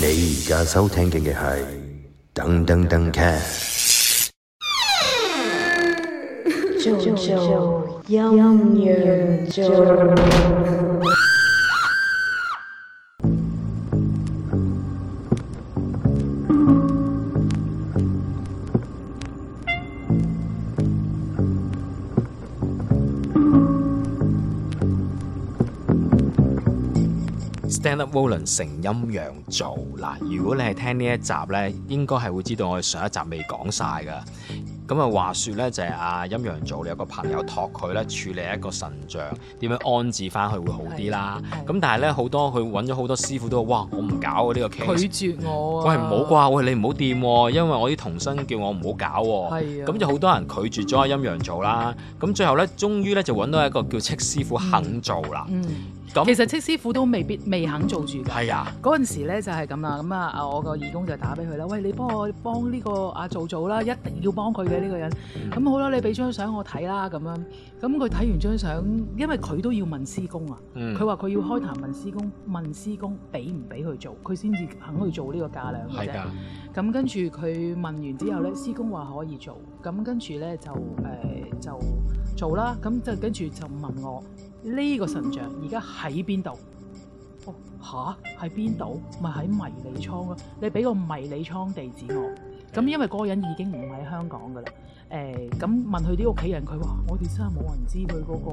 你而家收聽嘅係《燈登登 Cast》。做做音源做。stand up volun 成陰陽造嗱，如果你係聽呢一集咧，應該係會知道我哋上一集未講晒噶。咁啊話説咧，就係、是、啊陰陽造你有個朋友託佢咧處理一個神像，點樣安置翻去會好啲啦。咁但係咧好多佢揾咗好多師傅都話：我唔搞呢、啊呢個 case 拒絕我、啊喂。喂唔好啩，喂你唔好掂，因為我啲童身叫我唔好搞。係啊。咁的就好多人拒絕咗、啊、陰陽造啦。咁最後咧，終於咧就揾到一個叫戚師傅肯做啦。嗯。其實戚師傅都未必未肯做住㗎。係啊，嗰陣時咧就係咁啦。咁啊，我個義工就打俾佢啦。喂，你幫我幫呢個阿做做阿祖祖啦，一定要幫佢嘅呢個人。咁、嗯、好啦，你俾張相我睇啦，咁樣。咁佢睇完張相，因為佢都要問師公啊。佢話佢要開壇問師公，問師公俾唔俾佢做，佢先至肯去做呢個架量。嘅啫的。咁跟住佢問完之後咧，師公話可以做。咁跟住咧就誒、呃、就做啦。咁就跟住就問我。呢個神像而家喺邊度？哦，嚇，喺邊度？咪喺迷你倉咯。你俾個迷你倉地址我。咁因為嗰個人已經唔喺香港噶啦。誒、呃，咁問佢啲屋企人，佢話：我哋真係冇人知佢嗰、嗰個、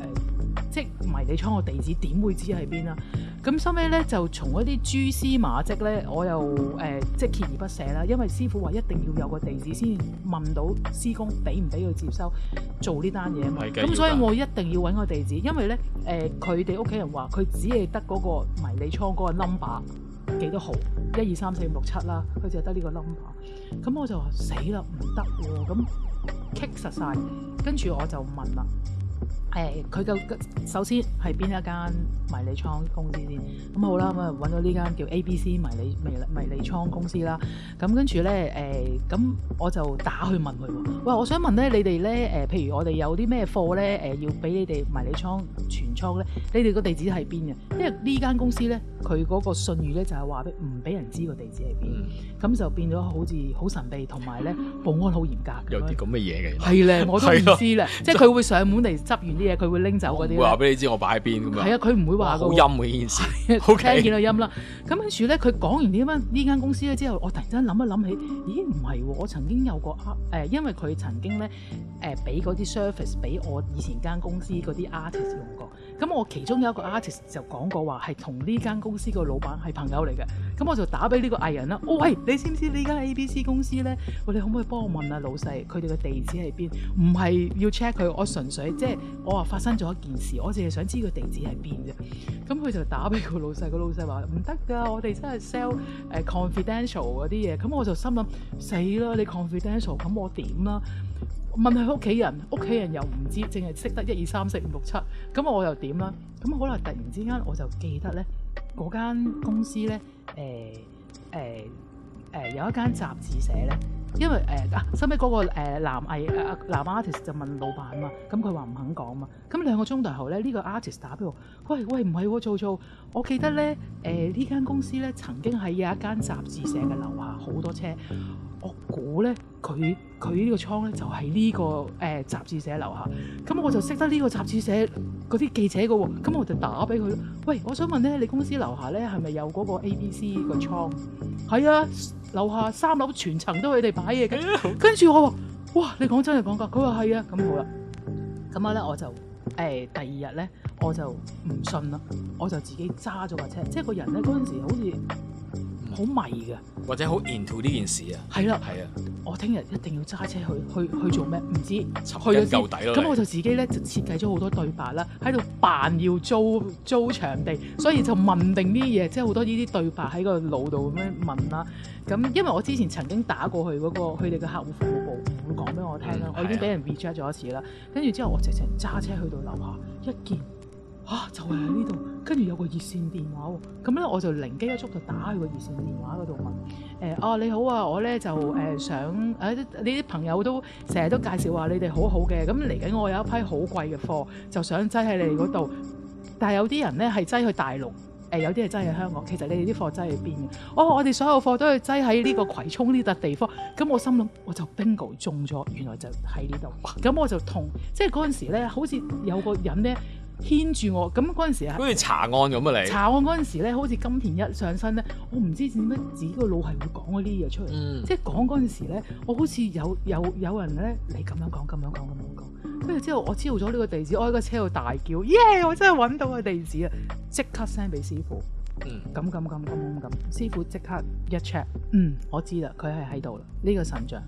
呃即迷你倉個地址點會知喺邊啊？咁收尾咧就從一啲蛛絲馬跡咧，我又誒、呃、即鍥而不捨啦，因為師傅話一定要有個地址先問到師公，俾唔俾佢接收做呢單嘢嘛？咁的所以我一定要搵個地址，因為咧誒佢哋屋企人話佢只係得嗰個迷你倉嗰個 number 幾多號一二三四五六七啦，佢就得呢個 number。咁我就話死啦唔得喎，kick 實晒，跟住我就問啦。誒，佢究竟，呃、首先係邊一間迷你倉公司先？咁好啦，咁啊搵到呢間叫 ABC 迷你迷迷，迷你倉公司啦。咁跟住咧，誒、呃，咁我就打去問佢。喂，我想問咧，你哋咧，誒、呃，譬如我哋有啲咩貨咧，誒、呃，要俾你哋迷你倉存？咧，你哋個地址喺邊嘅？因為呢間公司咧，佢嗰個信譽咧就係話唔俾人知個地址喺邊，咁、嗯、就變咗好似好神秘，同埋咧保安好嚴格。 有啲咁嘅嘢嘅。係咧，我都唔知咧， 的即係佢會上門嚟執完啲嘢，佢會拎走嗰啲。會話俾你知我擺喺邊噶嘛？係啊，佢唔會話噶。好陰嘅件事，好聽見到陰啦。咁跟住咧，佢講完呢間呢間公司咧之後，我突然間諗一諗起，咦唔係喎？我曾經有個誒、呃，因為佢曾經咧誒，俾嗰啲 service 俾我以前間公司嗰啲 artist 用過。咁我其中有一個 artist 就講過話係同呢間公司個老闆係朋友嚟嘅，咁我就打俾呢個藝人啦。哦喂，你知唔知呢間 ABC 公司咧？喂，你可唔可以幫我問下、啊、老細佢哋嘅地址喺邊？唔係要 check 佢，我純粹即係、就是、我話發生咗一件事，我淨係想知個地址喺邊啫。咁佢就打俾個老細，個老細話唔得㗎，我哋真係 sell 誒 confidential 嗰啲嘢。咁我就心諗死啦，你 confidential，咁我點啦？問佢屋企人，屋企人又唔知，淨係識得一二三、四五六七，咁我又點啦？咁可能突然之間我就記得咧，嗰間公司咧，誒誒誒，有一間雜誌社咧，因為誒收尾嗰個誒男藝男 artist 就問老闆啊嘛，咁佢話唔肯講啊嘛，咁兩個鐘頭後咧，呢個 artist 打俾我，喂喂，唔係喎，做做，我記得咧，誒呢間公司咧曾經係有一間雜誌社嘅樓下好多車，我估咧佢。佢呢個倉咧就係、是、呢、這個誒、欸、雜誌社樓下，咁、嗯、我就識得呢個雜誌社嗰啲記者嘅喎、哦，咁、嗯、我就打俾佢，喂，我想問咧，你公司樓下咧係咪有嗰個 ABC 個倉？係啊，樓下三樓全層都佢哋擺嘢嘅。跟住我話，哇，你講真定講假？佢話係啊，咁、嗯、好啦。咁啊咧，我就誒、欸、第二日咧，我就唔信啦，我就自己揸咗架車，即係個人咧嗰陣時好似。好迷嘅，或者好 into 呢件事啊，係啦，係啊，啊我聽日一定要揸車去去去做咩？唔知，去咗夠底咯。咁我就自己咧就設計咗好多對白啦，喺度扮要租租場地，所以就問定啲嘢，即係好多呢啲對白喺個腦度咁樣問啦、啊。咁因為我之前曾經打過去嗰、那個佢哋嘅客戶服務部，唔會講俾我聽啦。嗯、我已經俾人 reject 咗一次啦。跟住、啊、之後我直情揸車去到樓下，一見。嚇！就係喺呢度，跟住有個熱線電話喎、哦，咁、嗯、咧我就靈機一觸，就打去個熱線電話嗰度問誒哦、欸啊、你好啊，我咧就誒、呃、想誒、呃、你啲朋友都成日都介紹話你哋好好嘅，咁嚟緊我有一批好貴嘅貨，就想擠喺你哋嗰度，但係有啲人咧係擠去大陸，誒、呃、有啲係擠喺香港，其實你哋啲貨擠喺邊？哦、喔，我哋所有貨都係擠喺呢個葵涌呢笪地方，咁、嗯、我心諗我就 bingo 中咗，原來就喺呢度，咁、嗯、我就痛，即係嗰陣時咧，好似有個人咧。牽住我，咁嗰陣時啊，好似查案咁啊！嚟查案嗰陣時咧，好似金田一上身咧，我唔知點解自己個腦係會講嗰啲嘢出嚟。嗯，即係講嗰陣時咧，我好似有有有人咧，你咁樣講，咁樣講，咁樣講。跟住之後我知道咗呢個地址，我喺個車度大叫，耶！我真係揾到個地址啊！即刻 send 俾師傅。嗯，咁咁咁咁咁咁。師傅即刻一 check，嗯，我知啦，佢係喺度啦。呢個神像，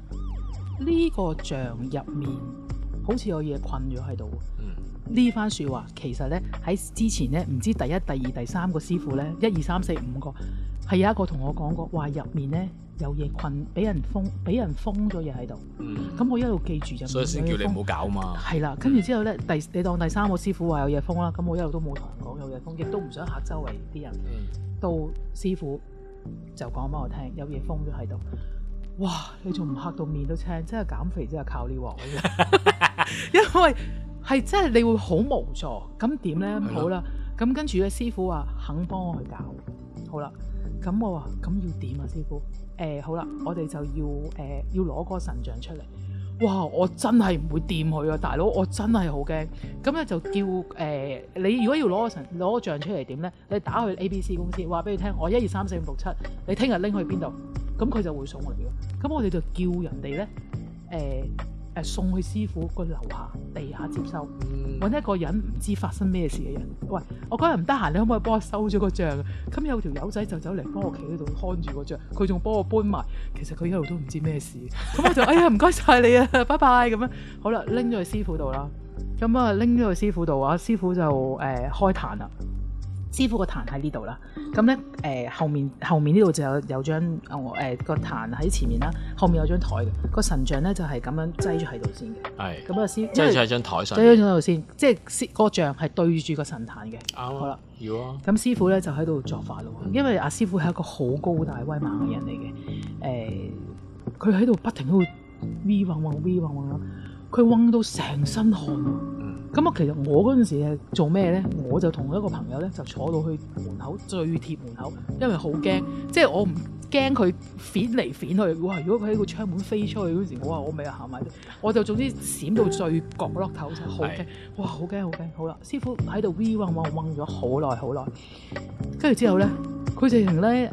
呢個像入面好似有嘢困咗喺度。嗯。呢番說話其實咧喺之前咧唔知第一、第二、第三個師傅咧，一二三四五個，係有一個同我講過，話入面咧有嘢困，俾人封俾人封咗嘢喺度。咁、嗯、我一路記住就所以先叫你唔好搞嘛。係啦、嗯，跟住之後咧，第你當第三個師傅話有嘢封啦，咁我一路都冇同人講有嘢封，亦都唔想嚇周圍啲人。到師傅就講俾我聽有嘢封咗喺度。哇！你仲唔嚇到面都青？真係減肥真係靠呢鑊， 因為。係真係你會好無助，咁點咧？好啦，咁跟住咧師傅話肯幫我去搞，好啦，咁我話咁要點啊，師傅？誒、呃，好啦，我哋就要誒、呃、要攞個神像出嚟。哇，我真係唔會掂佢啊，大佬，我真係好驚。咁咧就叫誒、呃，你如果要攞個神攞個像出嚟點咧？你打去 A B C 公司，話俾你聽，我一二三四五六七，7，你聽日拎去邊度？咁佢就會送嚟嘅。咁我哋就叫人哋咧，誒、呃。誒送去師傅個樓下地下接收，揾、嗯、一個人唔知發生咩事嘅人。喂，我嗰日唔得閒，你可唔可以幫我收咗個帳？咁、嗯、有條友仔就走嚟幫我企喺度看住個帳，佢仲幫我搬埋。其實佢一路都唔知咩事。咁 我就哎呀唔該晒你啊， 拜拜咁樣。好啦，拎咗去師傅度啦。咁啊拎咗去師傅度啊，師傅就誒、呃、開壇啦。師傅個壇喺呢度啦，咁咧誒後面後面呢度就有有張誒個壇喺前面啦，後面有張台嘅個神像咧就係咁樣擠咗喺度先，嘅。係咁啊師傅擠咗喺張台上，擠咗喺度先，即係嗰個像係對住個神壇嘅，好啦，要啊。咁師傅咧就喺度作法咯，因為阿師傅係一個好高大威猛嘅人嚟嘅，誒佢喺度不停喺度 v 嗡嗡 v 佢嗡到成身汗。咁啊，其實我嗰陣時係做咩咧？我就同一個朋友咧，就坐到去門口最貼門口，因為好驚，即係我唔驚佢飛嚟飛去。哇！如果佢喺個窗門飛出去嗰時，我話我未啊行埋啲，我就總之閃到最角落頭，好驚！哇！好驚好驚！好啦，師傅喺度 V 汪汪汪咗好耐好耐，跟住之後咧，佢直情咧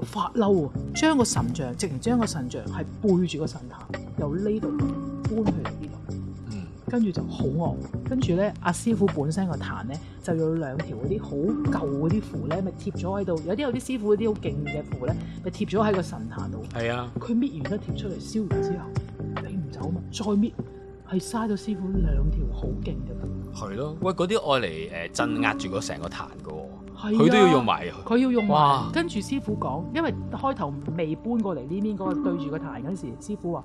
誒發嬲啊，將個神像直情將個神像係背住個神壇，由呢度搬去邊跟住就好惡，跟住咧阿師傅本身個壇咧就有兩條嗰啲好舊嗰啲符咧，咪貼咗喺度。有啲有啲師傅嗰啲好勁嘅符咧，咪貼咗喺個神壇度。係啊，佢搣完一貼出嚟燒完之後，你唔走，嘛，再搣係嘥咗師傅兩條好勁嘅。係咯、啊，喂，嗰啲愛嚟誒鎮壓住個成個壇嘅喎，佢、啊、都要用埋，佢要用埋。哇跟住師傅講，因為開頭未搬過嚟呢邊嗰個對住個壇嗰陣時，師傅話。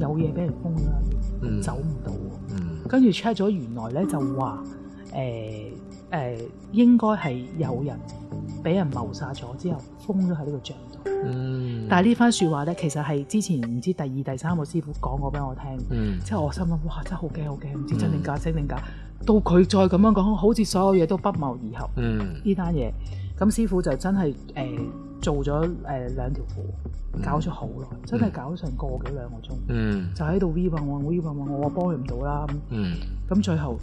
有嘢俾人封咗，嗯、走唔到。跟住 check 咗，原來咧就話，誒、呃、誒、呃，應該係有人俾人謀殺咗之後，封咗喺、嗯、呢個像度。但係呢番說話咧，其實係之前唔知第二、第三個師傅講過俾我聽，之後、嗯、我心諗哇，真係好驚好驚，唔知真定假，真定假。到佢再咁樣講，好似所有嘢都不謀而合。呢單嘢，咁師傅就真係誒。呃呃做咗誒兩條褲，搞咗好耐，真係搞成個幾兩個鐘，就喺度 weave 喎 weave 喎，我幫佢唔到啦。咁咁最後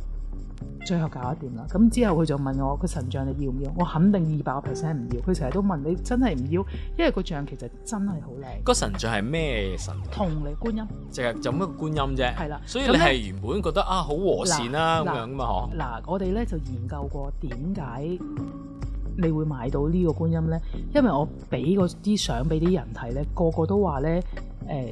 最後搞咗掂啦。咁之後佢就問我，個神像你要唔要？「我肯定二百個 percent 唔要。佢成日都問你真係唔要，因為個像其實真係好靚。個神像係咩神？銅嚟，觀音。就係就咁個觀音啫。係啦，所以你係原本覺得啊好和善啦咁樣噶嘛嗬。嗱，我哋咧就研究過點解你會買到呢個觀音呢？因為我俾嗰啲相俾啲人睇呢，個個都話呢，誒、呃、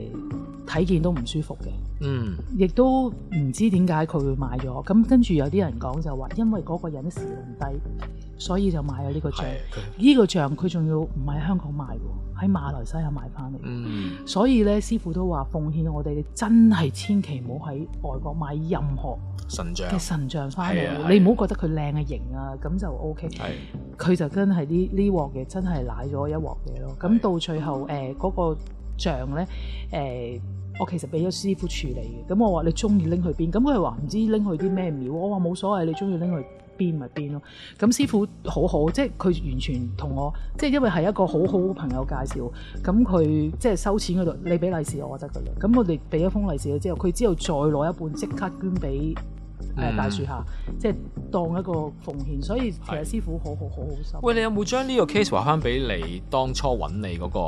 睇見都唔舒服嘅，嗯，亦都唔知點解佢會買咗。咁跟住有啲人講就話，因為嗰個人的時運低。所以就買咗呢個像，呢個像佢仲要唔喺香港買喎，喺馬來西亞買翻嚟。所以咧，師傅都話奉獻我哋，你真係千祈唔好喺外國買任何神像嘅神像翻嚟。你唔好覺得佢靚啊型啊，咁就 OK。佢就真係呢呢鑊嘅真係瀨咗一鑊嘢咯。咁到最後誒嗰個像咧，誒我其實俾咗師傅處理嘅。咁我話你中意拎去邊？咁佢話唔知拎去啲咩廟。我話冇所謂，你中意拎去。邊咪邊咯。咁師傅好好，即係佢完全同我，即係因為係一個好好朋友介紹，咁佢即係收錢嗰度，你俾利是我就得噶啦。咁我哋俾一封利是之後，佢之後再攞一半即刻捐俾，誒大樹下，即係當一個奉獻，所以其實師傅好的好好好心。餵，你有冇將呢個 case 話翻俾你當初揾你嗰個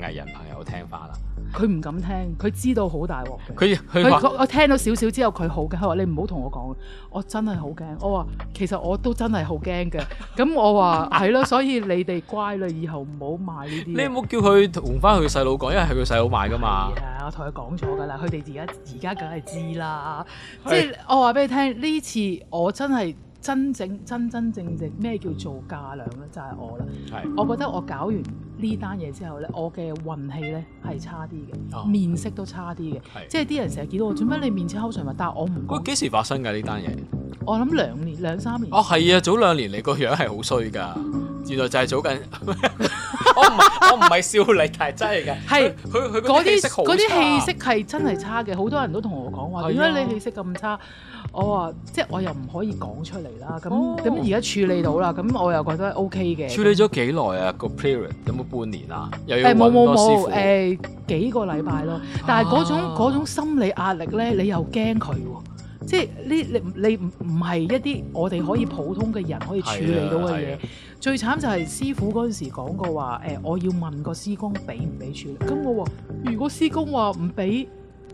藝人朋友聽翻啊？佢唔敢聽，佢知道好大鑊。佢佢我我聽到少少之後，佢好驚，佢話你唔好同我講，我真係好驚。我話其實我都真係好驚嘅。咁 我話係咯，所以你哋乖啦，以後唔好買呢啲。你有冇叫佢同翻佢細佬講，因為係佢細佬買㗎嘛？我同佢講咗㗎啦，佢哋而家而家梗係知啦。即係、欸、我話俾你聽。呢次我真係真正真真正正咩叫做嫁良咧，就係、是、我啦。係是，我覺得我搞完呢單嘢之後咧，我嘅運氣咧係差啲嘅，哦、面色都差啲嘅。係是，即係啲人成日見到我，做乜你面前，口沉埋？但係我唔覺。佢幾、欸、時發生㗎呢單嘢？我諗兩年，兩三年。哦，係啊，早兩年你個樣係好衰㗎，原來就係早緊。 我唔係我唔係笑你，但係真係嘅。係，佢佢嗰啲啲氣息係真係差嘅，好多人都同我講話，點解你氣息咁差？我話即係我又唔可以講出嚟啦。咁咁而家處理到啦，咁我又覺得 O K 嘅。處理咗幾耐啊？個 period 有冇半年啊？誒冇冇冇誒幾個禮拜咯。但係嗰種，、啊、嗰種心理壓力咧，你又驚佢喎。即係呢？你你唔唔係一啲我哋可以普通嘅人可以處理到嘅嘢。嗯最慘就係師傅嗰陣時講過話，欸，我要問個師公俾唔俾處理。咁我話，如果師公話唔俾。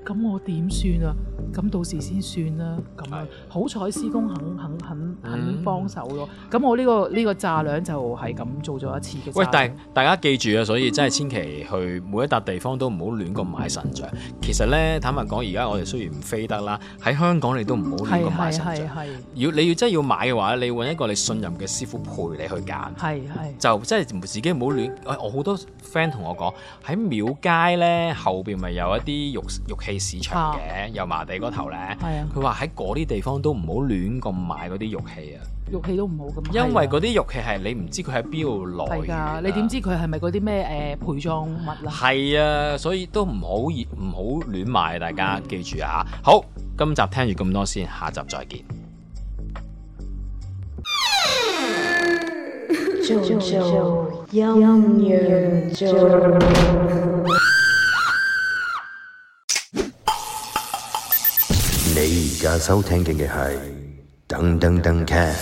咁我點算啊？咁到時先算啦，啊。咁樣的好彩，師公肯肯肯肯幫手咯。咁、嗯、我呢、呢個呢、呢個炸兩就係咁做咗一次嘅。喂，但大家記住啊，所以真係千祈去每一笪地方都唔好亂咁買神像。其實咧，坦白講，而家我哋雖然唔飛得啦，喺香港你都唔好亂咁買神像。係係係係要你要真係要買嘅話，你揾一個你信任嘅師傅陪你去揀。係係。就真係自己唔好亂。我好多 friend 同我講，喺廟街咧後邊咪有一啲玉玉器。市場嘅油麻地嗰頭咧，佢話喺嗰啲地方都唔好亂咁買嗰啲玉器啊，玉器都唔好咁。因為嗰啲玉器係的你唔知佢喺邊度來嘅。啊，你點知佢係咪嗰啲咩誒陪葬物啦、啊？係啊，嗯，所以都唔好唔好亂買，大家，嗯、記住啊！好，今集聽完咁多先，下集再見。做做而家收聽緊嘅係《噔噔噔 Cast》。